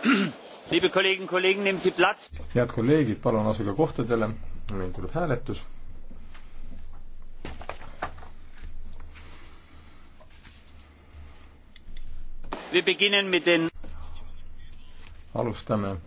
head kolleegid, palun asuge kohtadele, meil tuleb hääletus. alustame